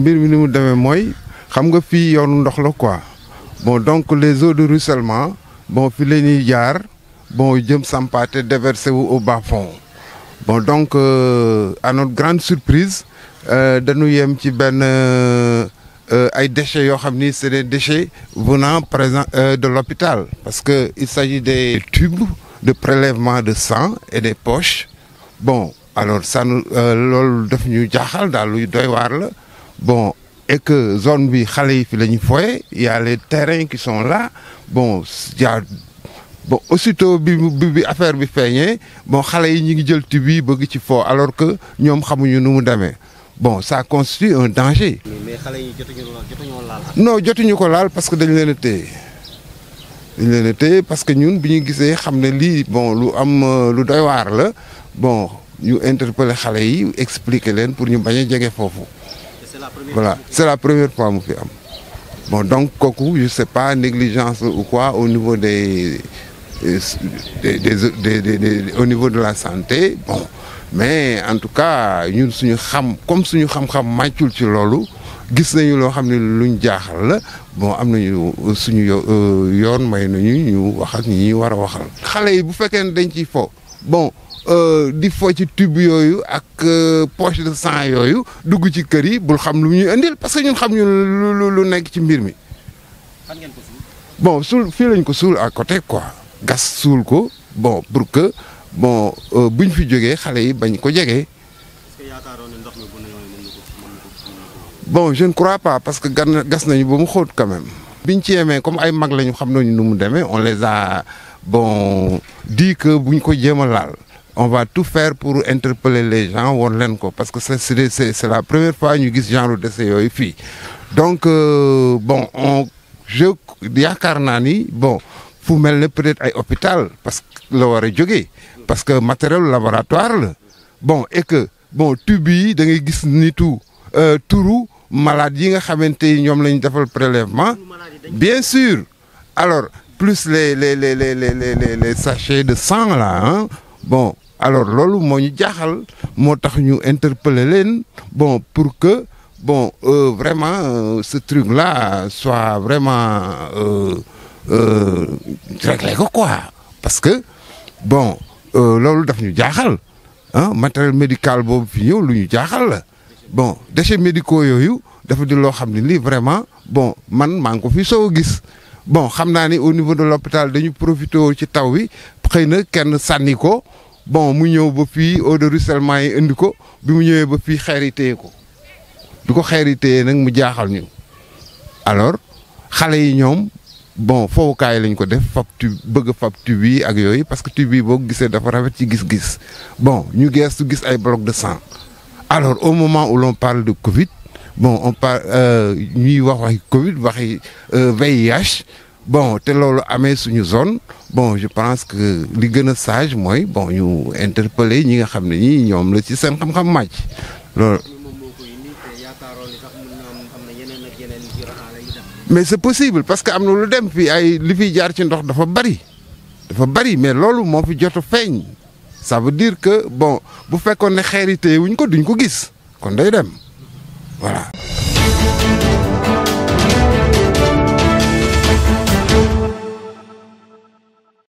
mbir mi ni mu xam nga fii yoonu ndox la quoi bon donc les eaux de ruissellement bon fi la ñuy jaar bon jëm sampaate déversé wu au bas fond bon donc euh, à notre grande surprise euh, dañu yem ci benn euh, ay déchets yoo xam c'est des déchets venant présent de l'hôpital parce que il s'agit des tubes de prélèvement de sang et des poches bon alors ça nous euh, daf ñu jaaxal daal luy doy waar la bon et que zone bi xale yi fi la ñu il y a les terrains qui sont là bon y a bon aussitôt bi bi affaire bi feeñee bon xale yi ñu ngi jël tub bëgg ci alors que ñoom xamuñu nu mu bon ça constitue un danger. mais yi non jotuñu ko laal parce que dañu l'unité dañ parce que ñun bi ñu gisee xam ne bon lu am euh, lu doy waar la bon nous interpeller xale yi expliquer leen pour ñu bañ a jege voilà c'est la première fois mu fi am bon donc kooku je sais pas négligence ou quoi au niveau euh, des des des des au niveau de la santé bon mais en tout cas ñun suñu xam comme suñu xam-xam màccul ci l'eau. gis nañu loo xam ne luñ jaaxal la bon am nañu euh, suñu euh, yoon may nañu ñu wax ak ñi ñu war a waxal. xale yi bu fekkee ne dañ ciy fo bon euh, di fo ci tube yooyu ak poche de sang yooyu dugg ci kër yi bul xam lu ñuy indil parce que ñun xam ñu lu lu nekk ci mbir mi. fan suul. bon suul fii lañ ko suul ak côté quoi gas suul ko bon pour que bon buñ fi jógee xale yi bañ ko jege. bon je ne crois pas parce que gas quand même. comme on les a bon dit que on va tout faire pour interpeller les gens parce que c'est c'est c'est la première fois genre donc euh, bon on je bon peut-être parce que jogué parce que matériel laboratoire bon et que bon tubi da euh, Maladie, yi nga xamante ni prélèvement bien sûr alors plus les les les les les les sachets de sang là hein. bon alors ce que nous avons moo nous ñu interpeller bon pour que bon euh, vraiment euh, ce truc là soit vraiment euh, euh réglé quoi parce que bon euh, loolu daf ñu jaaxal hein. matériel médical bon nous avons lu ñu bon déchets médicaux yoyu dafa di lo xamni ne vraiment bon man maa ko fi so gis bon xam ni au niveau de l'hôpital dañu profiter ci taw wi xeyna kenn sànni ko bon mu ñew ba fi eau de ruissellement yi andi ko bi mu ñewé ba fi xérité ko diko xérité nak mu jaaxal ñu alors xalé yi ñom bon kay lañ ko def fab tu bëgg fab tu yi ak yooyu parce que tu bi bo gisee dafa rafet ci gis-gis bon ñu geestu gis ay bloc de sang alors au moment où l'on parle de Covid bon on parle euh, ñuy wax Covid waxi VIH euh, bon te loolu sur suñu zone bon je pense que li gens sages, sage bon ñu interpeller ñi nga xam ne ñi ñoom la ci seen xam-xam mais c'est possible parce que am na lu dem il ay li fiy jaar ci ndox dafa bari dafa bari mais loolu moo fi jot a ça veut dire que bon vous faites qu'on est hérité, wuñ ko duñ ko voilà.